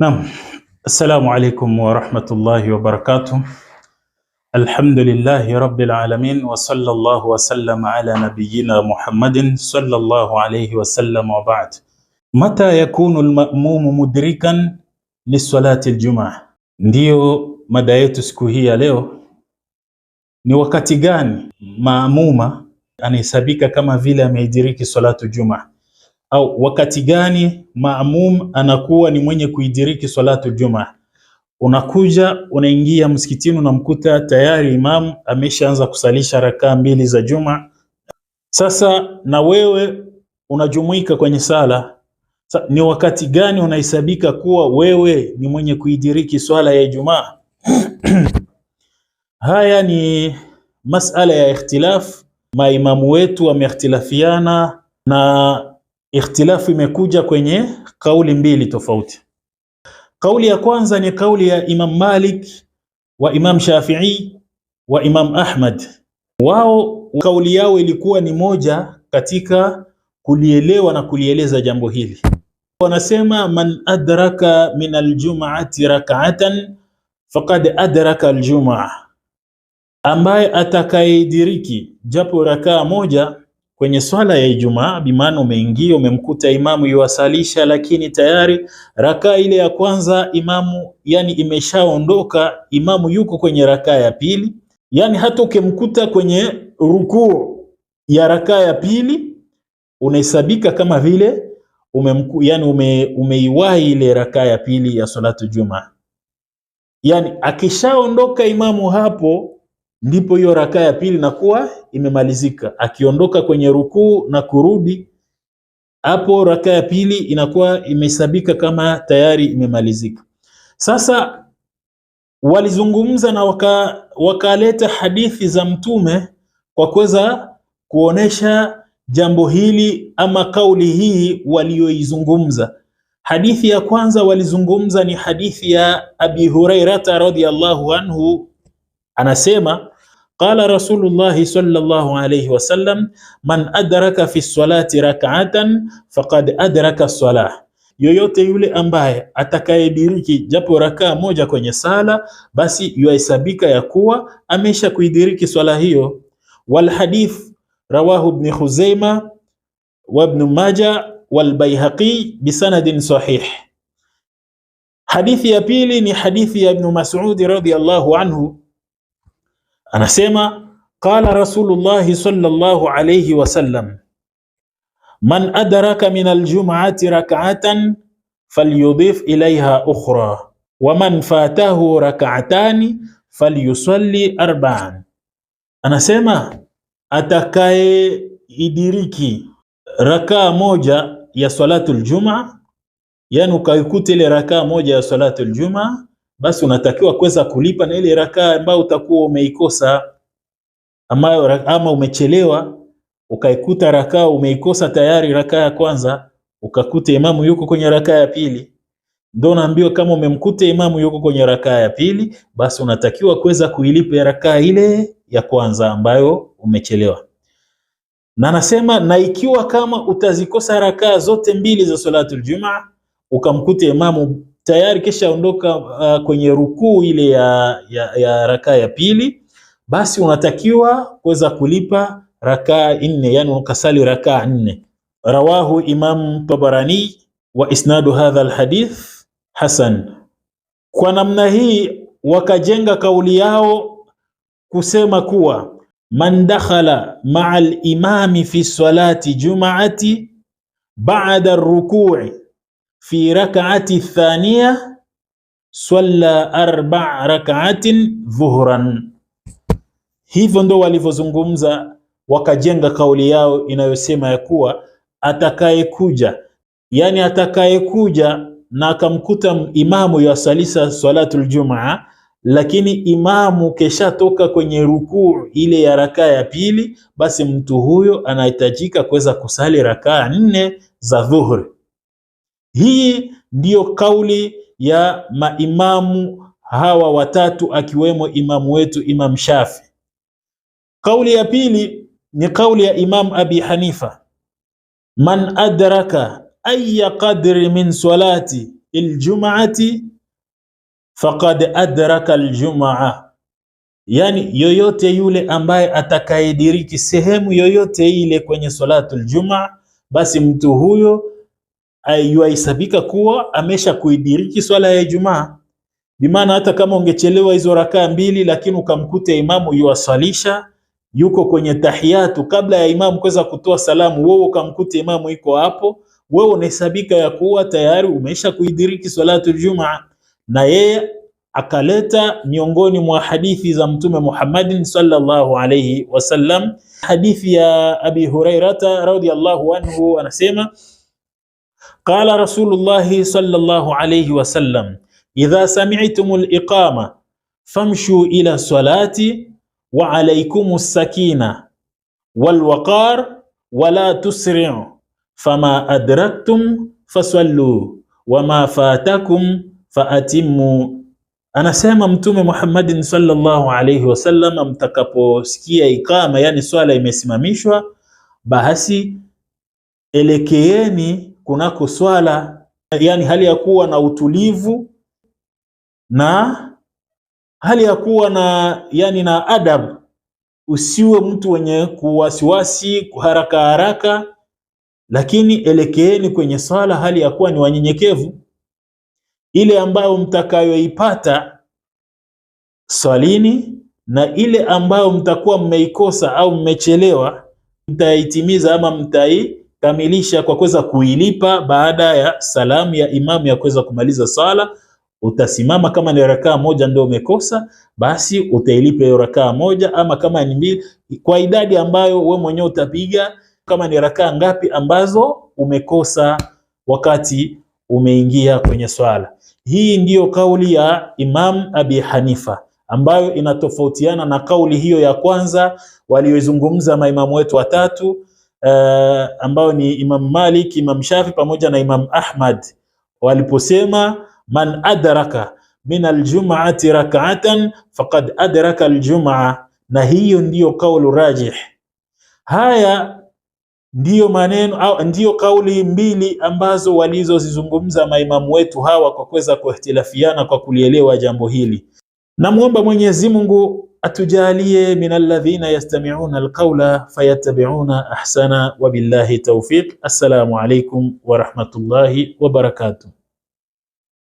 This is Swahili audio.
نعم السلام عليكم ورحمة الله وبركاته الحمد لله رب العالمين وصلى الله وسلم على نبينا محمد صلى الله عليه وسلم وبعد متى يكون المأموم مدركا لصلاة الجمعة ndiyo مدايت yetu ليو hii ya leo ni wakati gani maamuma anahesabika kama vile ameidiriki salatu au wakati gani maamum anakuwa ni mwenye kuidiriki salatu juma? Unakuja unaingia msikitini unamkuta tayari imamu ameshaanza kusalisha rakaa mbili za juma. Sasa na wewe unajumuika kwenye sala, ni wakati gani unahesabika kuwa wewe ni mwenye kuidiriki swala ya Ijumaa? Haya ni masala ya ikhtilaf, maimamu wetu wameikhtilafiana na Ikhtilafu imekuja kwenye kauli mbili tofauti. Kauli ya kwanza ni kauli ya Imam Malik wa Imam Shafi'i wa Imam Ahmad. Wao kauli yao ilikuwa ni moja katika kulielewa na kulieleza jambo hili. Wanasema man adraka min aljum'ati rak'atan faqad adraka aljum'a, ambaye atakayediriki japo rakaa moja kwenye swala ya Ijumaa, bimana umeingia, umemkuta imamu yuwasalisha, lakini tayari rakaa ile ya kwanza imamu yani imeshaondoka, imamu yuko kwenye rakaa ya pili, yani hata ukimkuta kwenye rukuu ya rakaa ya pili unahesabika kama vile umemku, yani ume, umeiwahi ile rakaa ya pili ya salatu Jumaa, yani akishaondoka imamu hapo ndipo hiyo rakaa ya pili inakuwa imemalizika. Akiondoka kwenye rukuu na kurudi, hapo rakaa ya pili inakuwa imehesabika kama tayari imemalizika. Sasa walizungumza na waka, wakaleta hadithi za Mtume kwa kuweza kuonesha jambo hili ama kauli hii walioizungumza. Hadithi ya kwanza walizungumza ni hadithi ya Abi Hurairata radhiallahu anhu anasema qala Rasulullahi sallallahu alayhi wasallam, man adraka fi salati rak'atan faqad adraka salah, yoyote yule ambaye atakayediriki japo rakaa moja kwenye sala, basi yuhesabika ya kuwa amesha kuidiriki swala hiyo. Wal hadith rawahu ibn Khuzaima wa ibn maja wal Baihaqi bisanadin sahih. Hadithi ya pili ni hadithi ya Ibn Mas'ud radhiyallahu anhu anasema qala rasulullahi sallallahu alayhi wasallam man adraka min aljum'ati rak'atan falyudhif ilayha ukhra wa man fatahu rak'atani falyusalli arba'an anasema atakaye idiriki rakaa moja ya salatu aljum'a yani ukaikuta ile rakaa moja ya salatu aljum'a basi unatakiwa kuweza kulipa na ile rakaa ambayo utakuwa umeikosa ama, ama umechelewa ukaikuta rakaa umeikosa tayari, rakaa ya kwanza ukakuta imamu yuko kwenye rakaa ya pili. Ndio naambiwa kama umemkuta imamu yuko kwenye rakaa ya pili, basi unatakiwa kuweza kuilipa rakaa ile ya kwanza ambayo umechelewa. Na nasema na ikiwa kama utazikosa rakaa zote mbili za salatul Jumaa ukamkuta imamu tayari kishaondoka uh, kwenye rukuu ile ya, ya, ya rakaa ya pili, basi unatakiwa kuweza kulipa rakaa nne, yani ukasali rakaa nne. Rawahu Imam Tabarani wa isnadu hadha alhadith hasan. Kwa namna hii wakajenga kauli yao kusema kuwa man dakhala ma'al limami fi salati jumaati ar rukui fi rak'ati thaniya swalla arba rak'atin dhuhran. Hivyo ndo walivyozungumza wakajenga kauli yao inayosema ya kuwa atakayekuja, yani atakayekuja na akamkuta imamu yasalisa salatul jumaa, lakini imamu keshatoka kwenye rukuu ile ya rakaa ya pili, basi mtu huyo anahitajika kuweza kusali rakaa nne za dhuhuri. Hii ndiyo kauli ya maimamu hawa watatu akiwemo imamu wetu Imam Shafi. Kauli ya pili ni kauli ya Imam Abi Hanifa, man adraka aya qadri min salati ljumati faqad adraka ljumaa, yani yoyote yule ambaye atakayediriki sehemu yoyote ile kwenye salatu ljumaa, basi mtu huyo yuahesabika kuwa amesha kuidiriki swala ya Ijumaa. Bimaana hata kama ungechelewa hizo rakaa mbili, lakini ukamkuta imamu yuwaswalisha yuko kwenye tahiyatu kabla ya imamu kuweza kutoa salamu, wewe ukamkuta imamu iko hapo, wewe unahesabika ya kuwa tayari umesha kuidiriki swalatul Jumaa. Na yeye akaleta miongoni mwa hadithi za Mtume Muhammadin sallallahu alayhi wasallam hadithi ya Abi Hurairata radhiyallahu anhu anasema قال رسول الله صلى الله عليه وسلم إذا سمعتم الإقامة فامشوا إلى الصلاة وعليكم السكينة والوقار ولا تسرعوا فما أدركتم فصلوا وما فاتكم فأتموا أنا سيما متوم محمد صلى الله عليه وسلم أمتكبو سكي إقامة يعني سؤال يمسمى ميشوى بحسي إلكييني kunako swala, yani hali ya kuwa na utulivu na hali ya kuwa na yani na adab, Usiwe mtu wenye kuwasiwasi kuharaka haraka, lakini elekeeni kwenye swala hali ya kuwa ni wanyenyekevu. Ile ambayo mtakayoipata swalini na ile ambayo mtakuwa mmeikosa au mmechelewa mtaitimiza ama mtai kamilisha kwa kuweza kuilipa baada ya salamu ya imamu ya kuweza kumaliza sala. Utasimama kama ni rakaa moja ndio umekosa, basi utailipa hiyo rakaa moja, ama kama ni mbili, kwa idadi ambayo we mwenyewe utapiga, kama ni rakaa ngapi ambazo umekosa wakati umeingia kwenye swala. Hii ndiyo kauli ya Imam Abi Hanifa ambayo inatofautiana na kauli hiyo ya kwanza waliyozungumza maimamu wetu watatu uh, ambao ni Imam Malik, Imam Shafi pamoja na Imam Ahmad waliposema man adraka min aljum'ati rak'atan faqad adraka aljum'a, na hiyo ndiyo kaulu rajih. Haya ndiyo maneno au ndiyo kauli mbili ambazo walizozizungumza maimamu wetu hawa kwa kuweza kuhtilafiana kwa kulielewa jambo hili. Namwomba Mwenyezi Mungu atujalie min alladhina yastami'una alqawla fayattabi'una ahsana. Wabillahi tawfiq. Assalamu alaykum wa rahmatullahi wa barakatuh.